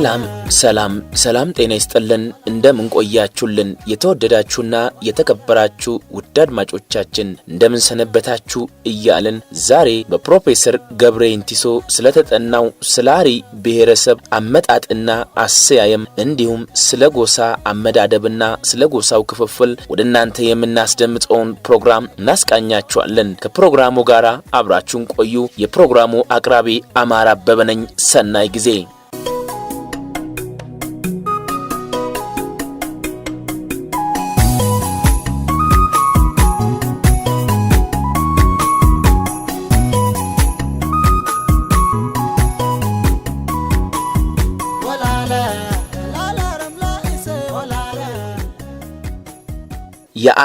ሰላም ሰላም ሰላም፣ ጤና ይስጥልን። እንደምን ቆያችሁልን? የተወደዳችሁና የተከበራችሁ ውድ አድማጮቻችን እንደምን ሰነበታችሁ እያልን ዛሬ በፕሮፌሰር ገብረ ይንቲሶ ስለተጠናው ስለ አሪ ብሔረሰብ አመጣጥና አሰያየም እንዲሁም ስለ ጎሳ አመዳደብና ስለ ጎሳው ክፍፍል ወደ እናንተ የምናስደምጠውን ፕሮግራም እናስቃኛችኋለን። ከፕሮግራሙ ጋር አብራችሁን ቆዩ። የፕሮግራሙ አቅራቢ አማራ አበበ ነኝ። ሰናይ ጊዜ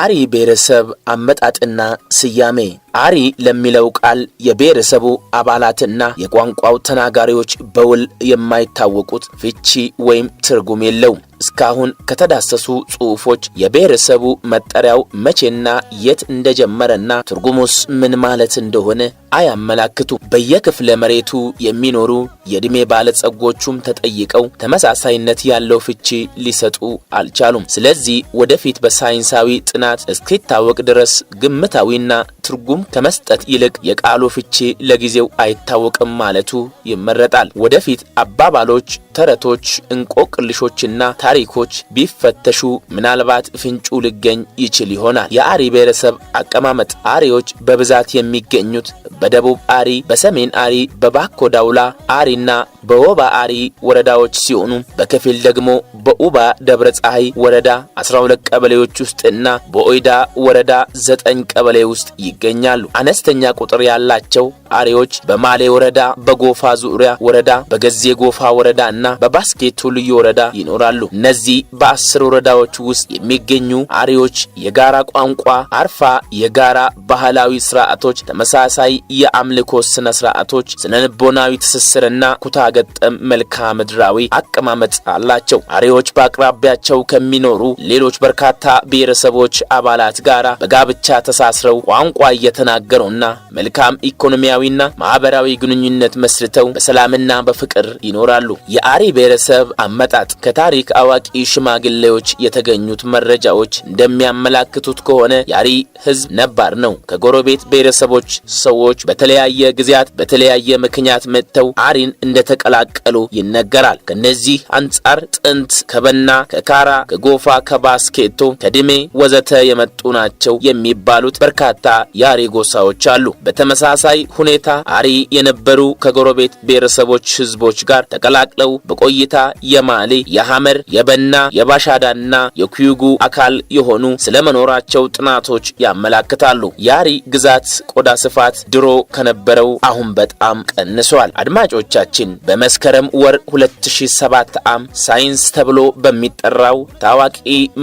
የአሪ ብሔረሰብ አመጣጥና ስያሜ አሪ ለሚለው ቃል የብሔረሰቡ አባላትና የቋንቋው ተናጋሪዎች በውል የማይታወቁት ፍቺ ወይም ትርጉም የለው። እስካሁን ከተዳሰሱ ጽሑፎች የብሔረሰቡ መጠሪያው መቼና የት እንደጀመረና ትርጉሙስ ምን ማለት እንደሆነ አያመላክቱ። በየክፍለ መሬቱ የሚኖሩ የዕድሜ ባለጸጎቹም ተጠይቀው ተመሳሳይነት ያለው ፍቺ ሊሰጡ አልቻሉም። ስለዚህ ወደፊት በሳይንሳዊ ጥናት እስኪታወቅ ድረስ ግምታዊና ትርጉም ከመስጠት ይልቅ የቃሉ ፍቺ ለጊዜው አይታወቅም ማለቱ ይመረጣል። ወደፊት አባባሎች፣ ተረቶች፣ እንቆቅልሾችና ታሪኮች ቢፈተሹ ምናልባት ፍንጩ ሊገኝ ይችል ይሆናል። የአሪ ብሔረሰብ አቀማመጥ አሪዎች በብዛት የሚገኙት በደቡብ አሪ፣ በሰሜን አሪ፣ በባኮ ዳውላ አሪና በወባ አሪ ወረዳዎች ሲሆኑ በከፊል ደግሞ በኡባ ደብረ ፀሐይ ወረዳ 12 ቀበሌዎች ውስጥና በኦይዳ ወረዳ 9 ቀበሌ ውስጥ ይገኛል። ይገኛሉ። አነስተኛ ቁጥር ያላቸው አሬዎች በማሌ ወረዳ፣ በጎፋ ዙሪያ ወረዳ፣ በገዜ ጎፋ ወረዳ እና በባስኬቶ ልዩ ወረዳ ይኖራሉ። እነዚህ በአስር ወረዳዎች ውስጥ የሚገኙ አሬዎች የጋራ ቋንቋ አርፋ፣ የጋራ ባህላዊ ስርዓቶች፣ ተመሳሳይ የአምልኮ ስነ ስርዓቶች፣ ስነልቦናዊ ትስስርና ኩታ ገጠም መልክዓ ምድራዊ አቀማመጥ አላቸው። አሬዎች በአቅራቢያቸው ከሚኖሩ ሌሎች በርካታ ብሔረሰቦች አባላት ጋራ በጋብቻ ተሳስረው ቋንቋ እየተናገሩና መልካም ኢኮኖሚያዊ ማህበራዊና ማህበራዊ ግንኙነት መስርተው በሰላምና በፍቅር ይኖራሉ። የአሪ ብሔረሰብ አመጣጥ ከታሪክ አዋቂ ሽማግሌዎች የተገኙት መረጃዎች እንደሚያመላክቱት ከሆነ የአሪ ህዝብ ነባር ነው። ከጎረቤት ብሔረሰቦች ሰዎች በተለያየ ጊዜያት በተለያየ ምክንያት መጥተው አሪን እንደተቀላቀሉ ይነገራል። ከነዚህ አንጻር ጥንት ከበና፣ ከካራ፣ ከጎፋ፣ ከባስኬቶ፣ ከድሜ ወዘተ የመጡ ናቸው የሚባሉት በርካታ የአሪ ጎሳዎች አሉ። በተመሳሳይ ሁኔታ አሪ የነበሩ ከጎረቤት ብሔረሰቦች ህዝቦች ጋር ተቀላቅለው በቆይታ የማሊ፣ የሐመር፣ የበና፣ የባሻዳና የኩዩጉ አካል የሆኑ ስለመኖራቸው ጥናቶች ያመላክታሉ። የአሪ ግዛት ቆዳ ስፋት ድሮ ከነበረው አሁን በጣም ቀንሷል። አድማጮቻችን በመስከረም ወር 2007 ዓ.ም ሳይንስ ተብሎ በሚጠራው ታዋቂ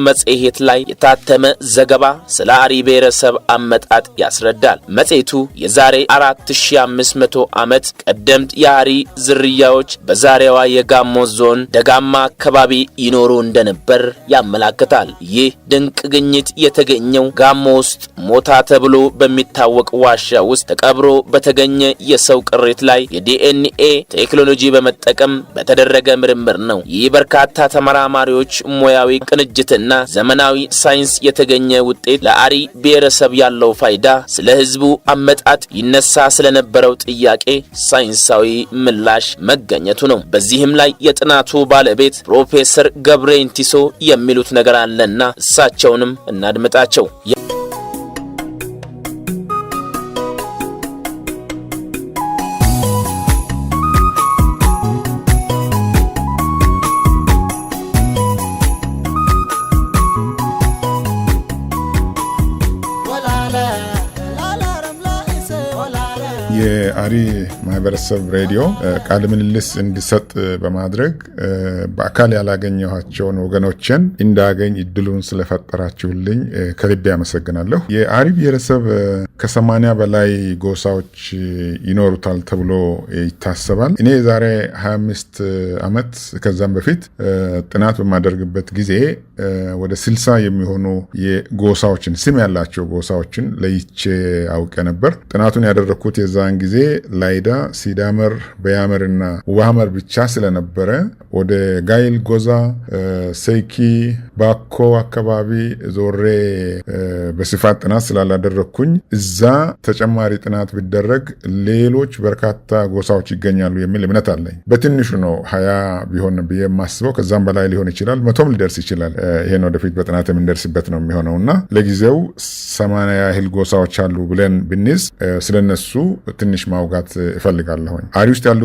መጽሔት ላይ የታተመ ዘገባ ስለ አሪ ብሔረሰብ አመጣጥ ያስረዳል። መጽሔቱ የዛሬ አራት ከ ዓመት ቀደምት የአሪ ዝርያዎች በዛሬዋ የጋሞ ዞን ደጋማ አካባቢ ይኖሩ እንደነበር ያመላክታል። ይህ ድንቅ ግኝት የተገኘው ጋሞ ውስጥ ሞታ ተብሎ በሚታወቅ ዋሻ ውስጥ ተቀብሮ በተገኘ የሰው ቅሪት ላይ የዲኤንኤ ቴክኖሎጂ በመጠቀም በተደረገ ምርምር ነው። ይህ በርካታ ተመራማሪዎች ሙያዊ ቅንጅትና ዘመናዊ ሳይንስ የተገኘ ውጤት ለአሪ ብሔረሰብ ያለው ፋይዳ፣ ስለ ሕዝቡ አመጣጥ ይነሳ ስለነበረው ጥያቄ ሳይንሳዊ ምላሽ መገኘቱ ነው። በዚህም ላይ የጥናቱ ባለቤት ፕሮፌሰር ገብረ ኢንቲሶ የሚሉት ነገር አለና እሳቸውንም እናድምጣቸው። በአሪ ማህበረሰብ ሬዲዮ ቃለ ምልልስ እንዲሰጥ በማድረግ በአካል ያላገኘኋቸውን ወገኖችን እንዳገኝ እድሉን ስለፈጠራችሁልኝ ከልቤ አመሰግናለሁ። የአሪ ብሔረሰብ ከሰማንያ በላይ ጎሳዎች ይኖሩታል ተብሎ ይታሰባል። እኔ የዛሬ 25 ዓመት ከዛም በፊት ጥናት በማደርግበት ጊዜ ወደ 60 የሚሆኑ የጎሳዎችን ስም ያላቸው ጎሳዎችን ለይቼ አውቀ ነበር። ጥናቱን ያደረግኩት የዛን ጊዜ ላይዳ፣ ሲዳመር፣ በያመር እና ዋመር ብቻ ስለነበረ ወደ ጋይል ጎዛ፣ ሰይኪ፣ ባኮ አካባቢ ዞሬ በስፋት ጥናት ስላላደረግኩኝ እዛ ተጨማሪ ጥናት ቢደረግ ሌሎች በርካታ ጎሳዎች ይገኛሉ የሚል እምነት አለኝ። በትንሹ ነው ሀያ ቢሆን ብዬ የማስበው። ከዛም በላይ ሊሆን ይችላል፣ መቶም ሊደርስ ይችላል። ይሄን ወደፊት በጥናት የምንደርስበት ነው የሚሆነው እና ለጊዜው ሰማንያ ያህል ጎሳዎች አሉ ብለን ብንይዝ ስለነሱ ትንሽ ማውጋት እፈልጋለሁኝ። አሪ ውስጥ ያሉ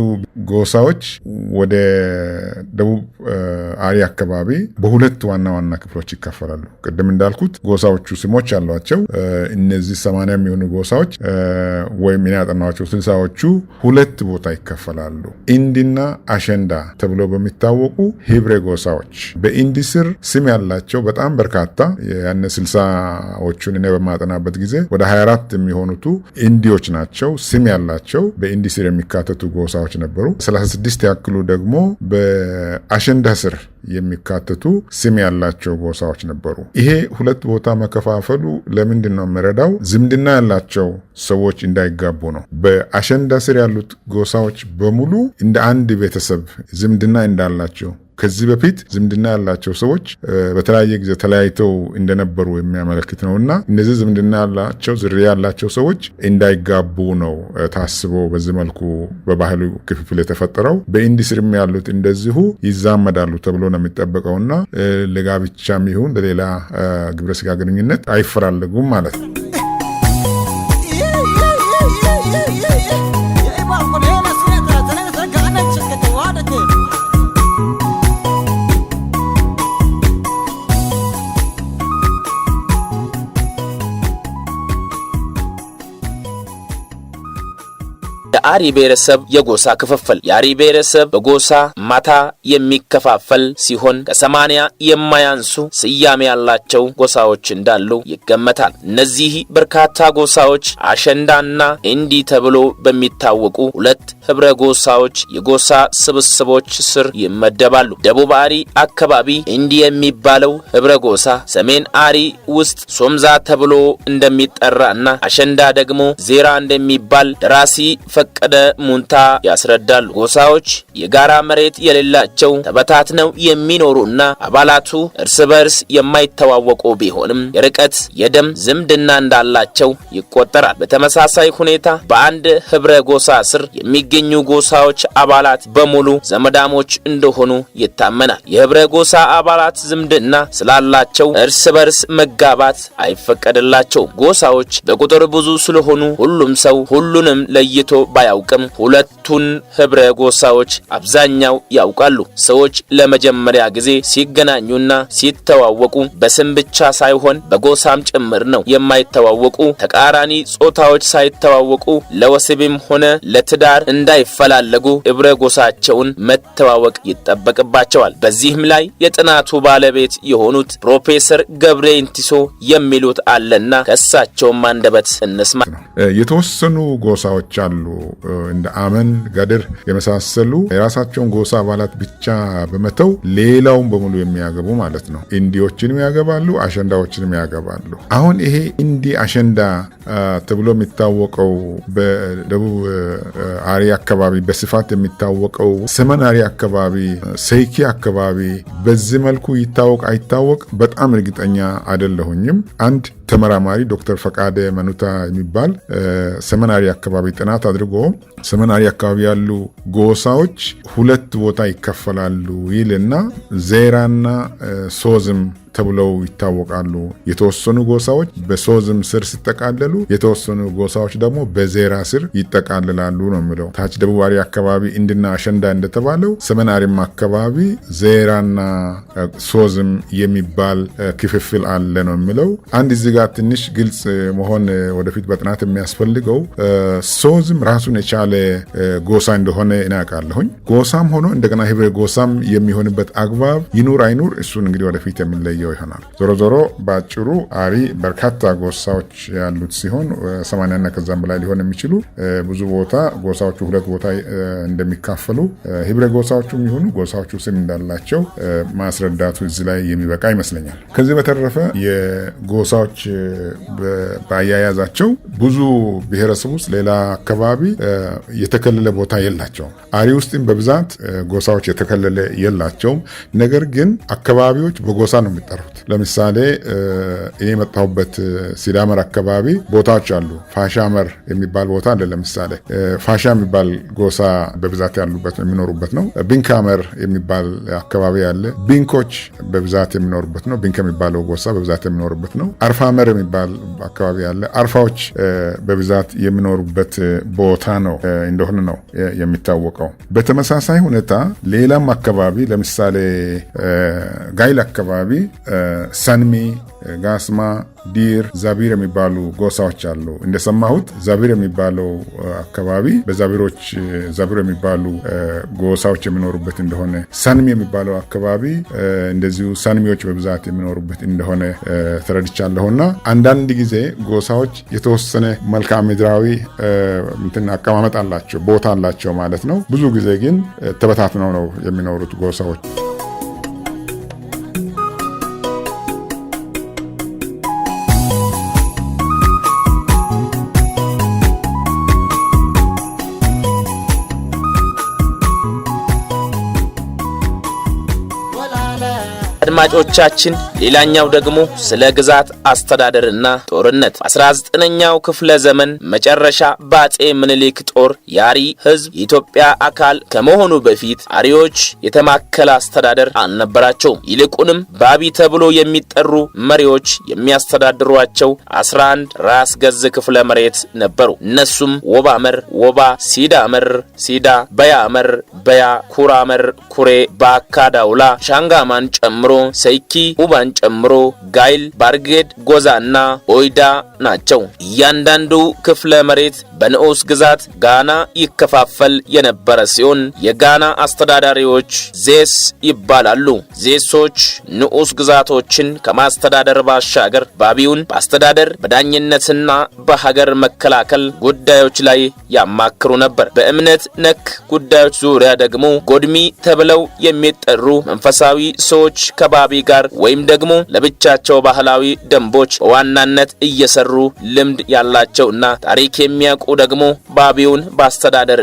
ጎሳዎች ወደ ደቡብ አሪ አካባቢ በሁለት ዋና ዋና ክፍሎች ይከፈላሉ። ቅድም እንዳልኩት ጎሳዎቹ ስሞች አሏቸው። እነዚህ ሰማንያ የሚሆኑ ጎሳዎች ወይም እኔ ያጠናኋቸው ስልሳዎቹ ሁለት ቦታ ይከፈላሉ። ኢንዲና አሸንዳ ተብሎ በሚታወቁ ሂብሬ ጎሳዎች በኢንዲ ስር ስም ያላቸው በጣም በርካታ ያነ ስልሳዎቹን እኔ በማጠናበት ጊዜ ወደ 24 የሚሆኑቱ ኢንዲዎች ናቸው። ስም ያላቸው በኢንዲ ስር የሚካተቱ ጎሳዎች ነበሩ። 36 ያክሉ ደግሞ በአሸንዳ ስር የሚካተቱ ስም ያላቸው ጎሳዎች ነበሩ። ይሄ ሁለት ቦታ መከፋፈሉ ለምንድን ነው የምረዳው? ዝምድና ያላቸው ሰዎች እንዳይጋቡ ነው። በአሸንዳ ስር ያሉት ጎሳዎች በሙሉ እንደ አንድ ቤተሰብ ዝምድና እንዳላቸው ከዚህ በፊት ዝምድና ያላቸው ሰዎች በተለያየ ጊዜ ተለያይተው እንደነበሩ የሚያመለክት ነው እና እነዚህ ዝምድና ያላቸው ዝርያ ያላቸው ሰዎች እንዳይጋቡ ነው ታስቦ በዚህ መልኩ በባህሉ ክፍፍል የተፈጠረው። በኢንዱስትሪም ያሉት እንደዚሁ ይዛመዳሉ ተብሎ ነው የሚጠበቀውና ለጋብቻም ይሁን ለሌላ ግብረ ስጋ ግንኙነት አይፈላለጉም ማለት ነው። የአሪ ብሔረሰብ የጎሳ ክፍፍል የአሪ ብሔረሰብ በጎሳ ማታ የሚከፋፈል ሲሆን ከሰማንያ የማያንሱ ስያሜ ያላቸው ጎሳዎች እንዳሉ ይገመታል። እነዚህ በርካታ ጎሳዎች አሸንዳና እንዲ ተብሎ በሚታወቁ ሁለት ህብረ ጎሳዎች የጎሳ ስብስቦች ስር ይመደባሉ። ደቡብ አሪ አካባቢ እንዲ የሚባለው ህብረ ጎሳ ሰሜን አሪ ውስጥ ሶምዛ ተብሎ እንደሚጠራ እና አሸንዳ ደግሞ ዜራ እንደሚባል ደራሲ ፈቅ ፈቀደ ሙንታ ያስረዳሉ። ጎሳዎች የጋራ መሬት የሌላቸው ተበታትነው የሚኖሩና አባላቱ እርስ በርስ የማይተዋወቁ ቢሆንም የርቀት የደም ዝምድና እንዳላቸው ይቆጠራል። በተመሳሳይ ሁኔታ በአንድ ህብረ ጎሳ ስር የሚገኙ ጎሳዎች አባላት በሙሉ ዘመዳሞች እንደሆኑ ይታመናል። የህብረ ጎሳ አባላት ዝምድና ስላላቸው እርስ በርስ መጋባት አይፈቀድላቸውም። ጎሳዎች በቁጥር ብዙ ስለሆኑ ሁሉም ሰው ሁሉንም ለይቶ ባ አያውቅም። ሁለቱን ህብረ ጎሳዎች አብዛኛው ያውቃሉ። ሰዎች ለመጀመሪያ ጊዜ ሲገናኙና ሲተዋወቁ በስም ብቻ ሳይሆን በጎሳም ጭምር ነው የማይተዋወቁ። ተቃራኒ ጾታዎች ሳይተዋወቁ ለወሲብም ሆነ ለትዳር እንዳይፈላለጉ ህብረ ጎሳቸውን መተዋወቅ ይጠበቅባቸዋል። በዚህም ላይ የጥናቱ ባለቤት የሆኑት ፕሮፌሰር ገብሬ ኢንቲሶ የሚሉት አለና ከእሳቸውም አንደበት እንስማ። የተወሰኑ ጎሳዎች አሉ እንደ አመን ገድር የመሳሰሉ የራሳቸውን ጎሳ አባላት ብቻ በመተው ሌላውን በሙሉ የሚያገቡ ማለት ነው። ኢንዲዎችንም ያገባሉ፣ አሸንዳዎችንም ያገባሉ። አሁን ይሄ ኢንዲ አሸንዳ ተብሎ የሚታወቀው በደቡብ አሪ አካባቢ በስፋት የሚታወቀው ሰሜን አሪ አካባቢ፣ ሰይኪ አካባቢ በዚህ መልኩ ይታወቅ አይታወቅ በጣም እርግጠኛ አይደለሁኝም። አንድ ተመራማሪ ዶክተር ፈቃደ መኑታ የሚባል ሰመናሪ አካባቢ ጥናት አድርጎ ሰመናሪ አካባቢ ያሉ ጎሳዎች ሁለት ቦታ ይከፈላሉ ይልና ዜራና ሶዝም ተብለው ይታወቃሉ። የተወሰኑ ጎሳዎች በሶዝም ስር ሲጠቃለሉ፣ የተወሰኑ ጎሳዎች ደግሞ በዜራ ስር ይጠቃልላሉ ነው የሚለው። ታች ደቡብ አሪ አካባቢ እንድና አሸንዳ እንደተባለው ሰሜን አሪም አካባቢ ዜራና ሶዝም የሚባል ክፍፍል አለ ነው የሚለው። አንድ እዚህ ጋር ትንሽ ግልጽ መሆን ወደፊት በጥናት የሚያስፈልገው ሶዝም ራሱን የቻለ ጎሳ እንደሆነ እናውቃለሁኝ። ጎሳም ሆኖ እንደገና ህብረ ጎሳም የሚሆንበት አግባብ ይኑር አይኑር እሱን እንግዲህ ወደፊት የምንለየው የምናየው ይሆናል። ዞሮ ዞሮ በአጭሩ አሪ በርካታ ጎሳዎች ያሉት ሲሆን ሰማንያና ከዛም በላይ ሊሆን የሚችሉ ብዙ ቦታ ጎሳዎቹ ሁለት ቦታ እንደሚካፈሉ ህብረ ጎሳዎቹ የሚሆኑ ጎሳዎቹ ስም እንዳላቸው ማስረዳቱ እዚህ ላይ የሚበቃ ይመስለኛል። ከዚህ በተረፈ የጎሳዎች በአያያዛቸው ብዙ ብሔረሰብ ውስጥ ሌላ አካባቢ የተከለለ ቦታ የላቸውም። አሪ ውስጥም በብዛት ጎሳዎች የተከለለ የላቸውም። ነገር ግን አካባቢዎች በጎሳ ነው የሚጠ የፈጠሩት። ለምሳሌ እኔ የመጣሁበት ሲዳመር አካባቢ ቦታዎች አሉ። ፋሻመር የሚባል ቦታ አለ። ለምሳሌ ፋሻ የሚባል ጎሳ በብዛት ያሉበት የሚኖሩበት ነው። ቢንካመር የሚባል አካባቢ አለ። ቢንኮች በብዛት የሚኖሩበት ነው። ቢንክ የሚባለው ጎሳ በብዛት የሚኖሩበት ነው። አርፋመር የሚባል አካባቢ አለ። አርፋዎች በብዛት የሚኖሩበት ቦታ ነው እንደሆነ ነው የሚታወቀው። በተመሳሳይ ሁኔታ ሌላም አካባቢ ለምሳሌ ጋይል አካባቢ ሰንሚ፣ ጋስማ፣ ዲር፣ ዛቢር የሚባሉ ጎሳዎች አሉ። እንደሰማሁት ዛቢር የሚባለው አካባቢ በዛቢሮች ዛቢር የሚባሉ ጎሳዎች የሚኖሩበት እንደሆነ፣ ሰንሚ የሚባለው አካባቢ እንደዚሁ ሰንሚዎች በብዛት የሚኖሩበት እንደሆነ ተረድቻለሁና አንዳንድ ጊዜ ጎሳዎች የተወሰነ መልክዓ ምድራዊ እንትን አቀማመጥ አላቸው፣ ቦታ አላቸው ማለት ነው። ብዙ ጊዜ ግን ተበታትነው ነው የሚኖሩት ጎሳዎች። አድማጮቻችን ሌላኛው ደግሞ ስለ ግዛት አስተዳደርና ጦርነት 19 ኛው ክፍለ ዘመን መጨረሻ በአጼ ምኒልክ ጦር የአሪ ህዝብ የኢትዮጵያ አካል ከመሆኑ በፊት አሪዎች የተማከለ አስተዳደር አልነበራቸውም። ይልቁንም ባቢ ተብሎ የሚጠሩ መሪዎች የሚያስተዳድሯቸው 11 ራስ ገዝ ክፍለ መሬት ነበሩ። እነሱም ወባመር፣ ወባ፣ ሲዳመር፣ ሲዳ፣ በያመር፣ በያ፣ ኩራመር፣ ኩሬ፣ ባካዳውላ ሻንጋማን ጨምሮ ሰይኪ ኡባን ጨምሮ ጋይል፣ ባርጌድ፣ ጎዛ እና ኦይዳ ናቸው። እያንዳንዱ ክፍለ መሬት በንዑስ ግዛት ጋና ይከፋፈል የነበረ ሲሆን የጋና አስተዳዳሪዎች ዜስ ይባላሉ። ዜሶች ንዑስ ግዛቶችን ከማስተዳደር ባሻገር ባቢውን በአስተዳደር በዳኝነትና በሀገር መከላከል ጉዳዮች ላይ ያማክሩ ነበር። በእምነት ነክ ጉዳዮች ዙሪያ ደግሞ ጎድሚ ተብለው የሚጠሩ መንፈሳዊ ሰዎች ከባ አካባቢ ጋር ወይም ደግሞ ለብቻቸው ባህላዊ ደንቦች በዋናነት እየሰሩ ልምድ ያላቸውና ታሪክ የሚያውቁ ደግሞ ባቢውን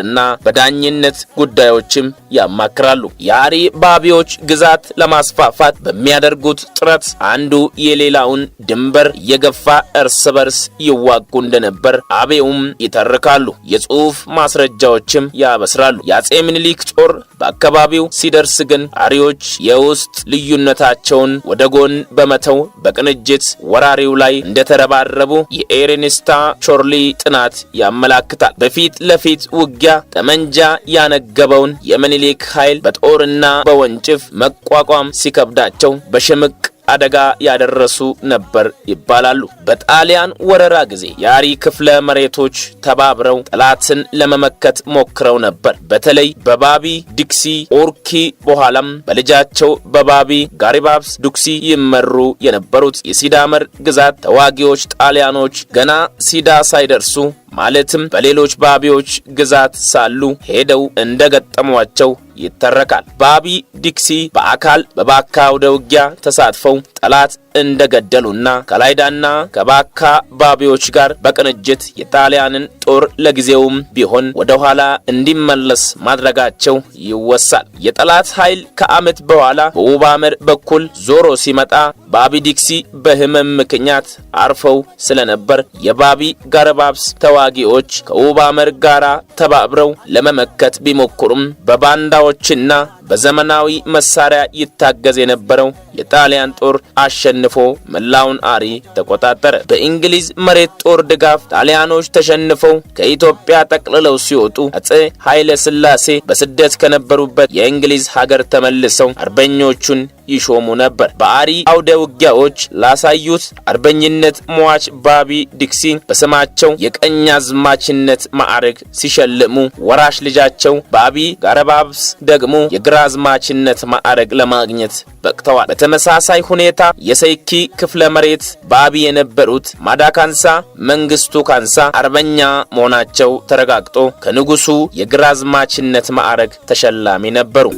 እና በዳኝነት ጉዳዮችም ያማክራሉ። የአሪ ባቢዎች ግዛት ለማስፋፋት በሚያደርጉት ጥረት አንዱ የሌላውን ድንበር የገፋ እርስ በርስ ይዋጉ እንደነበር አቤውም ይተርካሉ። የጽሑፍ ማስረጃዎችም ያበስራሉ። የአጼ ምኒልክ ጦር በአካባቢው ሲደርስ ግን አሪዎች የውስጥ ልዩነታ ራሳቸውን ወደ ጎን በመተው በቅንጅት ወራሪው ላይ እንደተረባረቡ የኤሬንስታ ቾርሊ ጥናት ያመላክታል። በፊት ለፊት ውጊያ ጠመንጃ ያነገበውን የምኒልክ ኃይል በጦርና በወንጭፍ መቋቋም ሲከብዳቸው በሽምቅ አደጋ ያደረሱ ነበር ይባላሉ። በጣሊያን ወረራ ጊዜ የአሪ ክፍለ መሬቶች ተባብረው ጠላትን ለመመከት ሞክረው ነበር። በተለይ በባቢ ዲክሲ ኦርኪ፣ በኋላም በልጃቸው በባቢ ጋሪባብስ ዱክሲ ይመሩ የነበሩት የሲዳመር ግዛት ተዋጊዎች ጣሊያኖች ገና ሲዳ ሳይደርሱ ማለትም በሌሎች ባቢዎች ግዛት ሳሉ ሄደው እንደገጠሟቸው ይተረካል። ባቢ ዲክሲ በአካል በባካ ወደ ውጊያ ተሳትፈው ጠላት እንደገደሉና ከላይዳና ከባካ ባቢዎች ጋር በቅንጅት የጣሊያንን ጦር ለጊዜውም ቢሆን ወደ ኋላ እንዲመለስ ማድረጋቸው ይወሳል። የጠላት ኃይል ከዓመት በኋላ በኡባመር በኩል ዞሮ ሲመጣ ባቢ ዲክሲ በህመም ምክንያት አርፈው ስለነበር የባቢ ጋረባብስ ተዋ ተዋጊዎች ከኡባ መር ጋር ተባብረው ለመመከት ቢሞክሩም በባንዳዎችና በዘመናዊ መሳሪያ ይታገዝ የነበረው የጣሊያን ጦር አሸንፎ መላውን አሪ ተቆጣጠረ። በእንግሊዝ መሬት ጦር ድጋፍ ጣሊያኖች ተሸንፈው ከኢትዮጵያ ጠቅልለው ሲወጡ አጼ ኃይለ ስላሴ በስደት ከነበሩበት የእንግሊዝ ሀገር ተመልሰው አርበኞቹን ይሾሙ ነበር። በአሪ አውደ ውጊያዎች ላሳዩት አርበኝነት ሟች ባቢ ዲክሲ በስማቸው የቀኛዝማችነት ማዕረግ ሲሸልሙ፣ ወራሽ ልጃቸው ባቢ ጋረባብስ ደግሞ የግራዝማችነት ማዕረግ ለማግኘት በቅተዋል። በተመሳሳይ ሁኔታ የሰይኪ ክፍለ መሬት ባቢ የነበሩት ማዳ ካንሳ፣ መንግስቱ ካንሳ አርበኛ መሆናቸው ተረጋግጦ ከንጉሱ የግራዝማችነት ማዕረግ ተሸላሚ ነበሩ።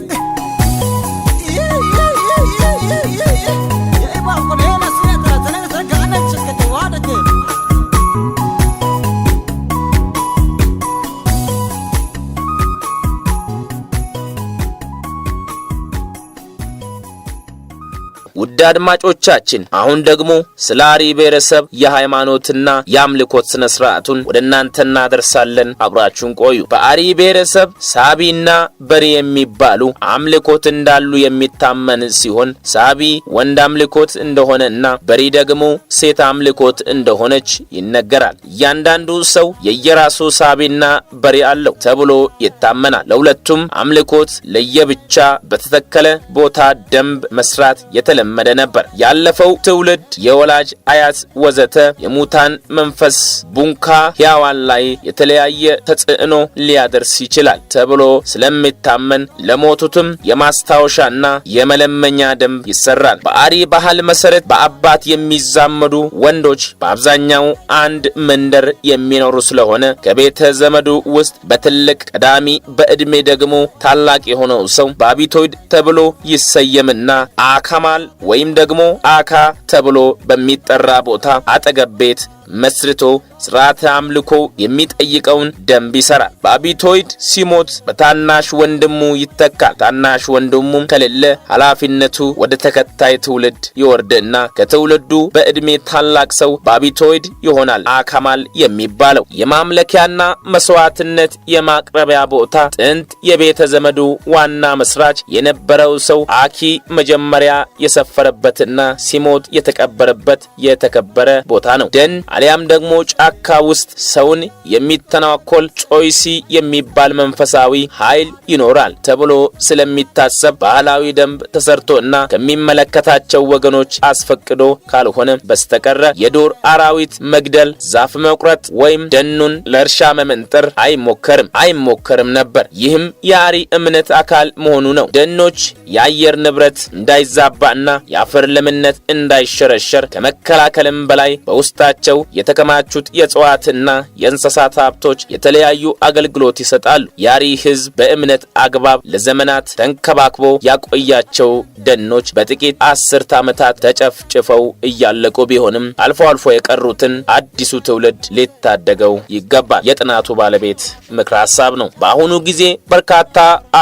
አድማጮቻችን፣ አሁን ደግሞ ስለ አሪ ብሔረሰብ የሃይማኖትና የአምልኮት ስነ ስርዓቱን ወደ እናንተ እናደርሳለን። አብራችሁን ቆዩ። በአሪ ብሔረሰብ ሳቢና በሪ የሚባሉ አምልኮት እንዳሉ የሚታመን ሲሆን ሳቢ ወንድ አምልኮት እንደሆነ እና በሪ ደግሞ ሴት አምልኮት እንደሆነች ይነገራል። እያንዳንዱ ሰው የየራሱ ሳቢና በሪ አለው ተብሎ ይታመናል። ለሁለቱም አምልኮት ለየብቻ በተተከለ ቦታ ደንብ መስራት የተለመደ ነበር። ያለፈው ትውልድ የወላጅ አያት፣ ወዘተ የሙታን መንፈስ ቡንካ ሕያዋን ላይ የተለያየ ተጽዕኖ ሊያደርስ ይችላል ተብሎ ስለሚታመን ለሞቱትም የማስታወሻና የመለመኛ ደንብ ይሰራል። በአሪ ባህል መሰረት በአባት የሚዛመዱ ወንዶች በአብዛኛው አንድ መንደር የሚኖሩ ስለሆነ ከቤተ ዘመዱ ውስጥ በትልቅ ቀዳሚ በዕድሜ ደግሞ ታላቅ የሆነው ሰው ባቢቶይድ ተብሎ ይሰየምና አካማል ወይም ወይም ደግሞ አካ ተብሎ በሚጠራ ቦታ አጠገብ ቤት መስርቶ ስርዓተ አምልኮ የሚጠይቀውን ደንብ ይሰራል። በአቢቶይድ ሲሞት በታናሽ ወንድሙ ይተካል። ታናሽ ወንድሙም ከሌለ ኃላፊነቱ ወደ ተከታይ ትውልድ ይወርድና ከትውልዱ በዕድሜ ታላቅ ሰው በአቢቶይድ ይሆናል አካማል የሚባለው። የማምለኪያና መስዋዕትነት የማቅረቢያ ቦታ ጥንት የቤተ ዘመዱ ዋና መስራች የነበረው ሰው አኪ መጀመሪያ የሰፈረበትና ሲሞት የተቀበረበት የተከበረ ቦታ ነው። ደን አሊያም ደግሞ ጫ ጫካ ውስጥ ሰውን የሚተናኮል ጮይሲ የሚባል መንፈሳዊ ኃይል ይኖራል ተብሎ ስለሚታሰብ ባህላዊ ደንብ ተሰርቶ እና ከሚመለከታቸው ወገኖች አስፈቅዶ ካልሆነ በስተቀረ የዱር አራዊት መግደል፣ ዛፍ መቁረጥ ወይም ደኑን ለእርሻ መመንጠር አይሞከርም አይሞከርም ነበር። ይህም የአሪ እምነት አካል መሆኑ ነው። ደኖች የአየር ንብረት እንዳይዛባና የአፈር ለምነት እንዳይሸረሸር ከመከላከልም በላይ በውስጣቸው የተከማቹት የእጽዋትና የእንስሳት ሀብቶች የተለያዩ አገልግሎት ይሰጣሉ። ያሪ ህዝብ በእምነት አግባብ ለዘመናት ተንከባክቦ ያቆያቸው ደኖች በጥቂት አስርት ዓመታት ተጨፍጭፈው እያለቁ ቢሆንም አልፎ አልፎ የቀሩትን አዲሱ ትውልድ ሊታደገው ይገባል። የጥናቱ ባለቤት ምክረ ሀሳብ ነው። በአሁኑ ጊዜ በርካታ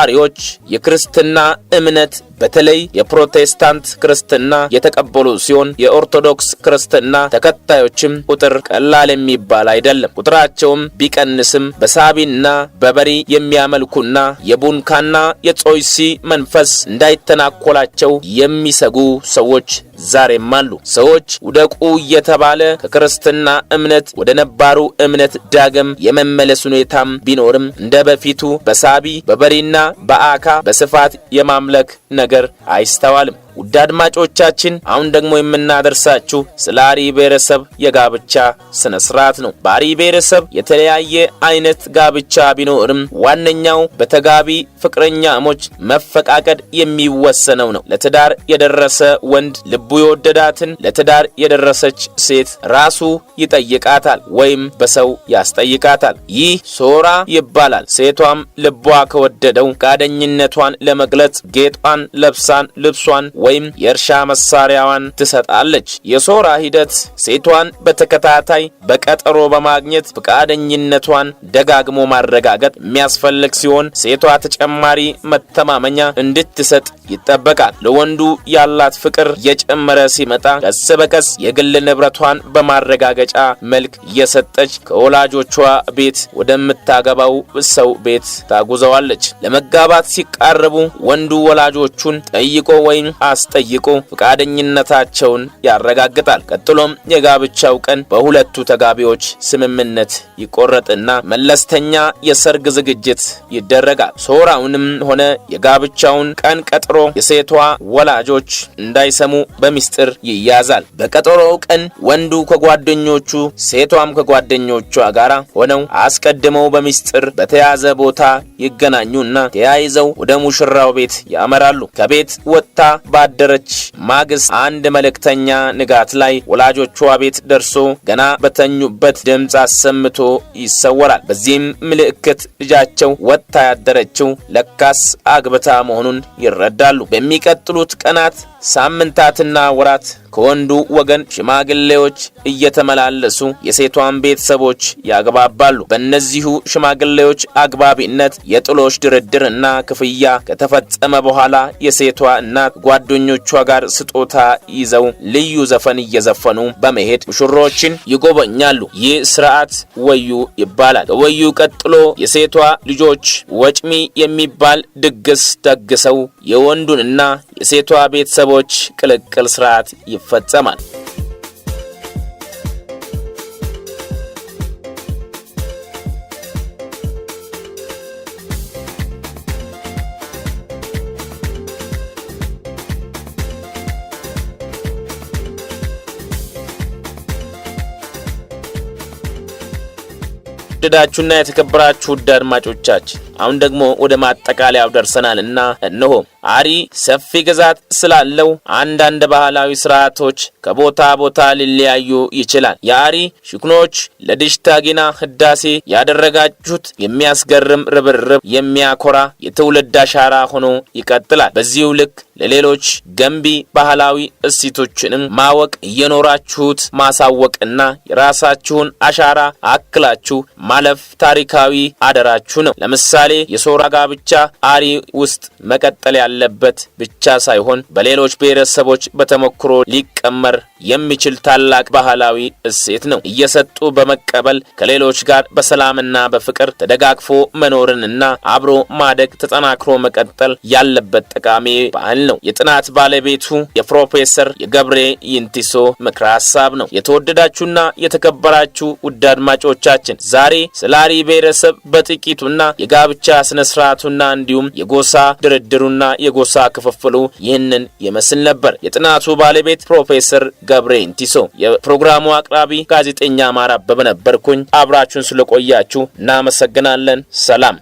አሪዎች የክርስትና እምነት በተለይ የፕሮቴስታንት ክርስትና የተቀበሉ ሲሆን የኦርቶዶክስ ክርስትና ተከታዮችም ቁጥር ቀላል የሚባል አይደለም። ቁጥራቸውም ቢቀንስም በሳቢና በበሪ የሚያመልኩና የቡንካና የጾይሲ መንፈስ እንዳይተናኮላቸው የሚሰጉ ሰዎች ዛሬም አሉ። ሰዎች ውደቁ እየተባለ ከክርስትና እምነት ወደ ነባሩ እምነት ዳግም የመመለስ ሁኔታም ቢኖርም እንደ በፊቱ በሳቢ በበሪና በአካ በስፋት የማምለክ ነገር አይስተዋልም። ውድ አድማጮቻችን አሁን ደግሞ የምናደርሳችሁ ስለ አሪ ብሔረሰብ የጋብቻ ስነ ስርዓት ነው። በአሪ ብሔረሰብ የተለያየ አይነት ጋብቻ ቢኖርም ዋነኛው በተጋቢ ፍቅረኛሞች መፈቃቀድ የሚወሰነው ነው። ለትዳር የደረሰ ወንድ ልቡ የወደዳትን ለትዳር የደረሰች ሴት ራሱ ይጠይቃታል ወይም በሰው ያስጠይቃታል። ይህ ሶራ ይባላል። ሴቷም ልቧ ከወደደው ፈቃደኝነቷን ለመግለጽ ጌጧን ለብሳን ልብሷን ወይም የእርሻ መሳሪያዋን ትሰጣለች። የሶራ ሂደት ሴቷን በተከታታይ በቀጠሮ በማግኘት ፈቃደኝነቷን ደጋግሞ ማረጋገጥ የሚያስፈልግ ሲሆን ሴቷ ተጨማሪ መተማመኛ እንድትሰጥ ይጠበቃል። ለወንዱ ያላት ፍቅር የጨመረ ሲመጣ ቀስ በቀስ የግል ንብረቷን በማረጋገጫ መልክ እየሰጠች ከወላጆቿ ቤት ወደምታገባው ሰው ቤት ታጉዘዋለች። ለመጋባት ሲቃረቡ ወንዱ ወላጆቹን ጠይቆ ወይም አስጠይቆ ፈቃደኝነታቸውን ያረጋግጣል። ቀጥሎም የጋብቻው ቀን በሁለቱ ተጋቢዎች ስምምነት ይቆረጥና መለስተኛ የሰርግ ዝግጅት ይደረጋል። ሶራውንም ሆነ የጋብቻውን ቀን ቀጥሮ የሴቷ ወላጆች እንዳይሰሙ በሚስጥር ይያዛል። በቀጠሮው ቀን ወንዱ ከጓደኞቹ ሴቷም ከጓደኞቿ ጋር ሆነው አስቀድመው በሚስጥር በተያዘ ቦታ ይገናኙና ተያይዘው ወደ ሙሽራው ቤት ያመራሉ። ከቤት ወጥታ ባደረች ማግስት አንድ መልእክተኛ ንጋት ላይ ወላጆቿ ቤት ደርሶ ገና በተኙበት ድምፅ አሰምቶ ይሰወራል። በዚህም ምልክት ልጃቸው ወጥታ ያደረችው ለካስ አግብታ መሆኑን ይረዳሉ። በሚቀጥሉት ቀናት ሳምንታትና ወራት ከወንዱ ወገን ሽማግሌዎች እየተመላለሱ የሴቷን ቤተሰቦች ያግባባሉ። በእነዚሁ ሽማግሌዎች አግባቢነት የጥሎሽ ድርድር እና ክፍያ ከተፈጸመ በኋላ የሴቷ እናት ጓደኞቿ ጋር ስጦታ ይዘው ልዩ ዘፈን እየዘፈኑ በመሄድ ሙሽሮችን ይጎበኛሉ። ይህ ስርዓት ወዩ ይባላል። ከወዩ ቀጥሎ የሴቷ ልጆች ወጭሚ የሚባል ድግስ ደግሰው የወንዱንና የሴቷ ቤተሰቦች የግቦች ቅልቅል ስርዓት ይፈጸማል። የተወደዳችሁና የተከበራችሁ ውድ አድማጮቻችን አሁን ደግሞ ወደ ማጠቃለያው ደርሰናል እና እነሆ አሪ ሰፊ ግዛት ስላለው አንዳንድ ባህላዊ ስርዓቶች ከቦታ ቦታ ሊለያዩ ይችላል። የአሪ ሽኩኖች ለድሽታ ጊና ህዳሴ ያደረጋችሁት የሚያስገርም ርብርብ የሚያኮራ የትውልድ አሻራ ሆኖ ይቀጥላል። በዚሁ ልክ ለሌሎች ገንቢ ባህላዊ እሴቶችንም ማወቅ እየኖራችሁት ማሳወቅና የራሳችሁን አሻራ አክላችሁ ማለፍ ታሪካዊ አደራችሁ ነው። ለምሳሌ ለምሳሌ የሶራ ጋብቻ አሪ ውስጥ መቀጠል ያለበት ብቻ ሳይሆን በሌሎች ብሔረሰቦች በተሞክሮ ሊቀመር የሚችል ታላቅ ባህላዊ እሴት ነው። እየሰጡ በመቀበል ከሌሎች ጋር በሰላምና በፍቅር ተደጋግፎ መኖርንና አብሮ ማደግ ተጠናክሮ መቀጠል ያለበት ጠቃሚ ባህል ነው። የጥናት ባለቤቱ የፕሮፌሰር የገብሬ ይንቲሶ ምክረ ሀሳብ ነው። የተወደዳችሁና የተከበራችሁ ውድ አድማጮቻችን ዛሬ ስለ አሪ ብሔረሰብ በጥቂቱና የጋብ የጋብቻ ስነ ስርዓቱና እንዲሁም የጎሳ ድርድሩና የጎሳ ክፍፍሉ ይህንን ይመስል ነበር። የጥናቱ ባለቤት ፕሮፌሰር ገብሬ ኢንቲሶ፣ የፕሮግራሙ አቅራቢ ጋዜጠኛ አማራ አበበ ነበርኩኝ። አብራችሁን ስለቆያችሁ እናመሰግናለን። ሰላም